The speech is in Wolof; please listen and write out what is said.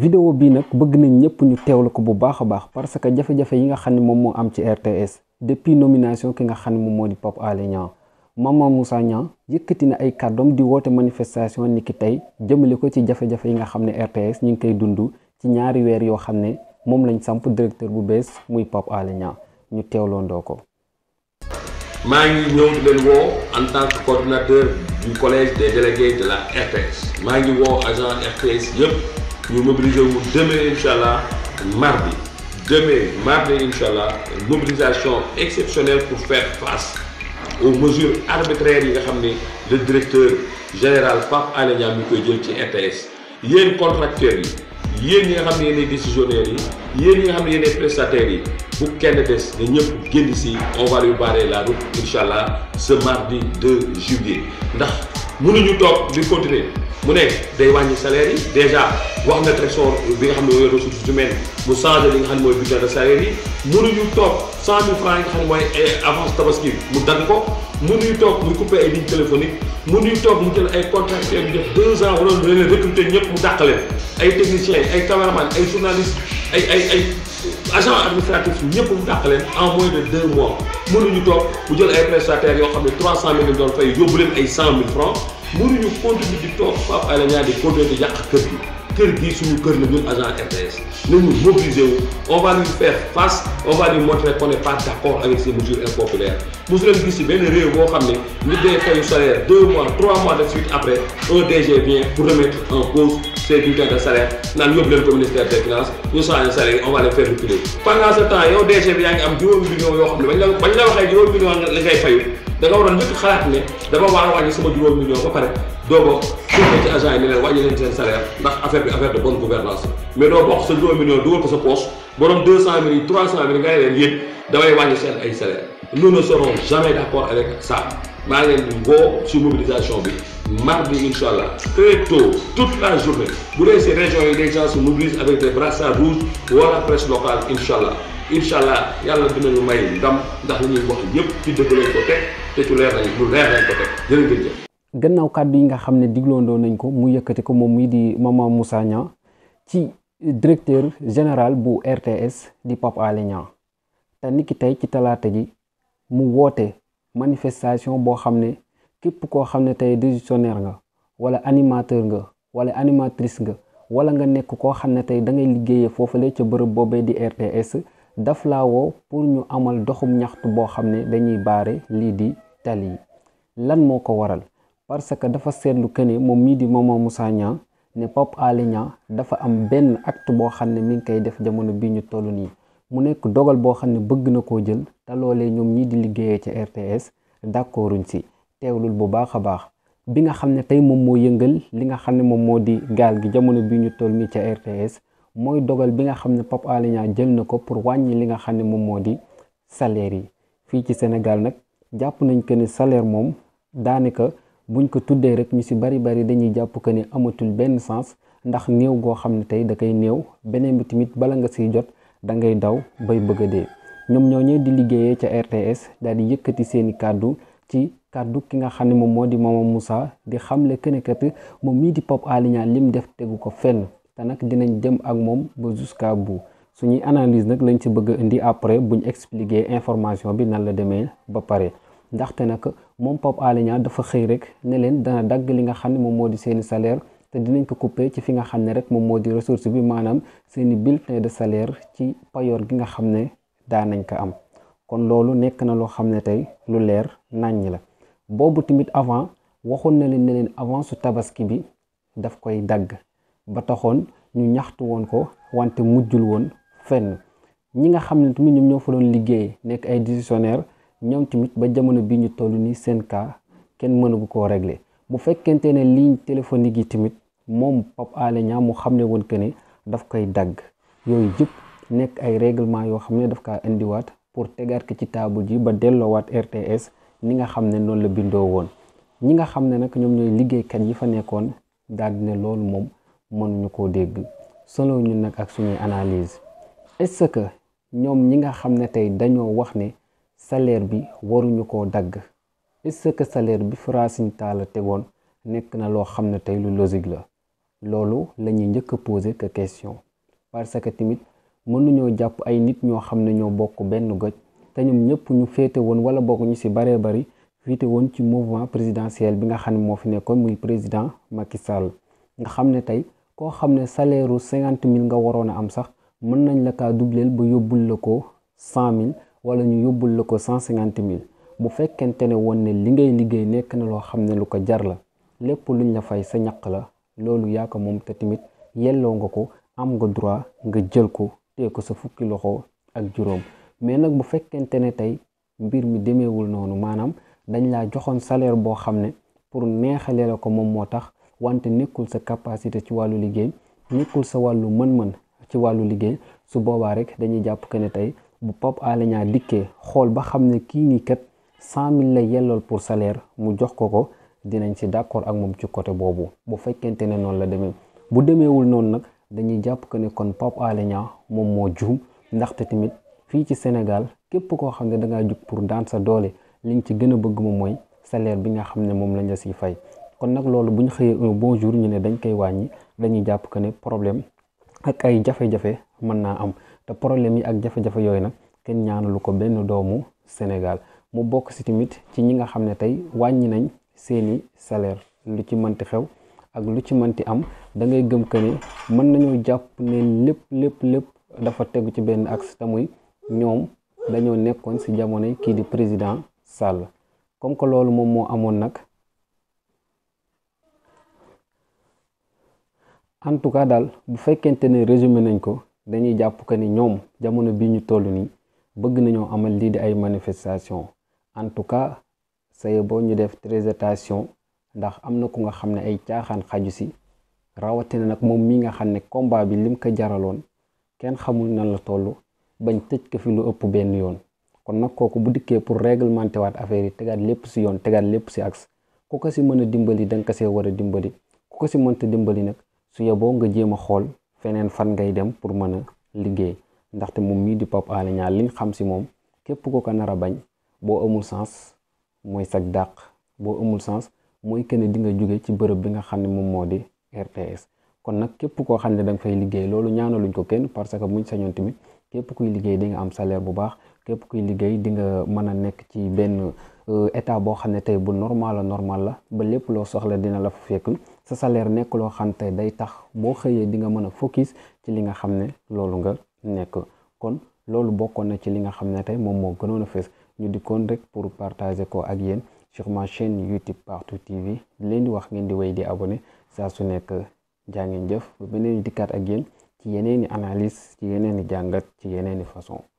vidéo bii nag bëgg nañ ñëpp ñu teewlu ko bu baax a baax parce que jafe-jafe yi nga xam ne moom moo am ci RTS depuis nomination ki nga xam ne moom moo di Pape Alé Niang Mame Moussa Niang yëkkati na ay kàddoom di woote manifestation ni ki tey jëmale ko ci jafe-jafe yi nga xam ne RTS ñu ngi koy dund ci ñaari weer yoo xam ne moom lañ samp directeur bu bees muy Pape Alé Niang ñu teewloondoo ko. maa ngi ñëw di leen woo en tant que coordinateur du collège de ñu mobiliser wu demain incha allah mardi demain mardi incha allah mobilisation exceptionnelle pour faire face aux mesures arbitraires yi nga xam ni le directeur général Pape Alé Niang mi koy jël ci RTS yéen contracteurs yi yéen yi nga xam ne yéenay décisionnaires yi yéen ñi nga xam ne yéenay prestataires yi bu kenn des na ñëpp génn si on va lui barrer la route allah ce mardi 2 juillet ndax mënuñu toog di continuer. mu ne day wàññi salaire yi déjà wax na trésor bi nga xam ne mooy ressources humaines mu changé li nga xam ne mooy budget de salaire yi mënuñu toog cent mille francs yi nga xam ne mooy eh, avance tabaski mu dagg ko mënuñu toog mu coupé ay ligne téléphonique mënuñu toog mu jël ay contracteurs yu def deux ans waroon leen recruter ñëpp mu dàq leen ay techniciens ay cameraman ay journalistes ay ay ay agent administratif ñëpp mu dàq leen en moins de deux mois mu jël ay prestataires yoo xam ne trois cent mille lañ doon fay yóbbu leen ay cent mille francs mënuñu continuer di toog Pape Alé Niang di continuer di yàq kër gi kër gi suñu kër la agent RTS nañu mobiliser wu on va lui faire face on va lui montrer qu'on n'est pas d'accord avec ces mesures impopulaires mosu leen gis ci benn réew boo xam ne nit day fayu salaire deux mois trois mois de suite après un DG vient pour remettre en cause ses bulletins de salaire naan yóbbu leen ko ministère des finances ñu changé salaire yi on va les faire yoo xam ne bañ la bañ la da nga waroon njëkk xalaat ne dama war a wàññi sama juróom million ba pare doo ko suufee ci agent yi ne leen wàññi leen seen salaire ndax affaire bi affaire de bonne gouvernance mais doo bokk sa juróom million dugal ko sa poche borom deux cent mille trois cent mille nga maa leen di woo mobilisation bi mardi incha allah très tôt toute la bu dee si régions yi les gens se mobilisent avec des brassards rouges wala presse locale incha allah incha allah yàlla dinañu may ndam ndax li ñuy wax yépp ci dëgg te ci gannaaw kàddu yi nga xam ne digloondoo nañ ko mu yëkkati ko moom mii di Mama Moussa Niang ci directeur général bu RTS di Pape Alé te te ki tey ci talaata ji mu woote manifestation boo xam ne képp koo xam ne tey décisionnaire nga wala animateur nga wala animatrice nga wala nga nekk koo xam ne tey da ngay liggéeyee foofule ca bërëb boobee di RTS. daf laa woo pour ñu amal doxum ñaxtu boo xam ne dañuy baare lii di tali yi lan moo ko waral parce que dafa seetlu que ne moom mii di Mama Moussa Niang ne Pape Alé Niang dafa am benn acte boo xam ne mi ngi koy def jamono bi ñu toll nii mu nekk dogal boo xam ne bëgg na koo jël te loolee ñoom ñii di liggéeyee ci RTS d'accorduñ si teewlul bu baax a baax bi nga xam ne tey moom moo yëngal li nga xam ne moom moo di gaal gi jamono bi ñu toll nii ca RTS mooy dogal bi nga xam ne Pape Alé Niang jël na ko pour wàññi li nga xam ne moom moo di salaire yi fii ci Sénégal nag jàpp nañ que ne salaire moom daanaka buñ ko tuddee rek ñu si bari bari dañuy jàpp que ne amatul benn sens ndax néew goo xam ne tey da koy néew beneen bi tamit bala nga siy jot da ngay daw bay bëgg a dee ñoom ñooñee di liggéeyee ca RTS daal di yëkkati seeni kàddu ci kàddu ki nga xam ne moom moo di Mama Moussa di xamle que ne kat moom mii di Pape Alé Niang lim def tegu ko fenn. te nag dinañ dem ak moom ba jusqu'à bout suñuy analyse nag lañ ci bëgg a indi après buñ expliquer information bi nan la demee ba pare ndaxte nag moom Pape Alé dafa xëy rek ne leen dana dagg li nga xam ne moom moo di seeni salaire te dinañ ko couper ci fi nga xam ne rek moom moo di ressource bi maanaam seeni bulletin de salaire ci payoor gi nga xam ne daa nañ ko am kon loolu nekk na loo xam ne tey lu leer nàññi la boobu tamit avant waxoon na leen ne leen avance su tabaski bi daf koy dagg ba taxoon ñu ñaxtu woon ko wante mujjul woon fenn ñi nga xam ne tamit ñoo fa doon liggéey nekk ay décisionnaire ñoom tamit ba jamono bi ñu toll nii seen cas kenn mënagu koo régler bu fekkente ne ligne téléphonique yi tamit moom Pape Alé Niang xam ne woon que ne daf koy dagg yooyu yëpp nekk ay règlement yoo xam ne daf kaa indiwaat pour tegaat ko ci table ji ba delloowaat RTS ni nga xam ne noonu la bindoo woon ñi nga xam ne nag ñoom ñooy liggéeykat yi fa nekkoon daal ne loolu moom mënuñu koo dégg solo ñun nag ak suñuy analyse est-ce ñoom ñi nga xam ne tey dañoo wax ne salaire bi waruñu koo dagg est-ce que salaire bi Racine Talla tegoon nekk na loo xam ne tey lu logique la loolu la njëkk a poser que question parce que tamit mënuñoo jàpp ay nit ñoo xam ne ñoo bokk benn goj te ñoom ñëpp ñu féete woon wala bokk ñu ci baree bari féete woon ci mouvement présidentiel bi nga xam ne moo fi nekkoon muy président Macky Sall nga xam ne tey koo xam ne salaire u cinquante mille nga waroon a am sax mën nañ la kaa dubleel ba yóbbul la ko cent mille wala ñu yóbbul la ko cent cinquante mille bu fekkente ne woon ne li ngay liggéey nekk na loo xam ne lu ko jar la lépp luñ la fay sa ñaq la loolu yaa ko moom te tamit yelloo nga ko am nga droit nga jël ko tee ko sa fukki loxo ak juróom mais nag bu fekkente ne tey mbir mi demewul noonu maanaam dañ laa joxoon salaire boo xam ne pour neexale la ko moom moo tax wante nekkul sa capacité ci wàllu liggéey nekkul sa wàllu mën man ci wàllu liggéey su boobaa rek dañuy jàpp que ne tey bu pop Alé Niang dikkee xool ba xam ne kii nii kat cent la yellool pour salaire mu jox ko ko dinañ si d'accord ak moom ci côté boobu bu fekkente ne noonu la demee bu demeewul noonu nag dañuy jàpp que ne kon pop Alé moom moo juum ndaxte tamit fii ci Sénégal képp koo xam ne da jug pour daan sa doole liñ ci gën a bëgg moom mooy salaire bi nga xam ne moom lañ la siy fay. kon nag loolu buñ xëyee un bon ñu ne dañ koy wàññi dañuy jàpp que ne problème ak ay jafe-jafe mën naa am te problème yi ak jafe-jafe yooyu nag kenn ñaanalu ko benn doomu Sénégal mu bokk si tamit ci ñi nga xam ne tey wàññi nañ seeni salaire lu ci mënti xew ak lu ci mënti am da ngay gëm que mën nañoo jàpp ne lépp lépp lépp dafa tegu ci benn axe te muy ñoom dañoo nekkoon si jamonoy kii di président Sall comme que loolu moom moo amoon nag. en tout cas daal bu fekkente ne résumé nañ ko dañuy jàpp que ni ñoom jamono bi ñu toll nii bëgg nañoo amal lii di ay manifestation en tout cas saye boo ñu def très attention ndax am na ku nga xam ne ay caaxaan xaju si rawatina nag moom mii nga xam ne combat bi lim ko jaraloon kenn xamul nan la toll bañ tëj ko fi lu ëpp benn yoon kon nag kooku bu dikkee pour réglementer waat affaire yi tegaat lépp si yoon tegaat lépp si axe ku ko si mën a dimbali danga ko see dimbali ku ko si mënta dimbali nag su yeboo nga jéem a xool feneen fan ngay dem pour mën a liggéey ndaxte moom mii di Pape Alé Niang liñ xam si moom képp ko ko nar a bañ boo amul sance mooy sag dàq boo amul sens mooy kenn di nga jóge ci bërëb bi nga xam ne moom moo di rps kon nag képp koo xam ne da nga fay liggéey loolu ñaanaluñ ko kenn parce que buñ sañoon tamit képp kuy liggéey di nga am salaire bu baax képp kuy liggéey di nga mën a nekk ci benn euh, état boo xam ne tey bu normal la normal la ba lépp loo soxla dina la fa fekk sa salaire nekk loo xam te day tax boo xëyee di nga mën a focus ci li nga xam ne loolu nga nekk kon loolu bokkoon na ci li nga xam ne tey moom moo gënoon a fees ñu dikkoon rek pour partager ko ak yéen sur ma chaîne YouTube Partout TV leen di wax ngeen di wéy di abonné saa su nekk jaa ngeen jëf ba beneen dikkaat ak yéen ci yeneeni analyse ci yeneeni jàngat ci yeneeni façon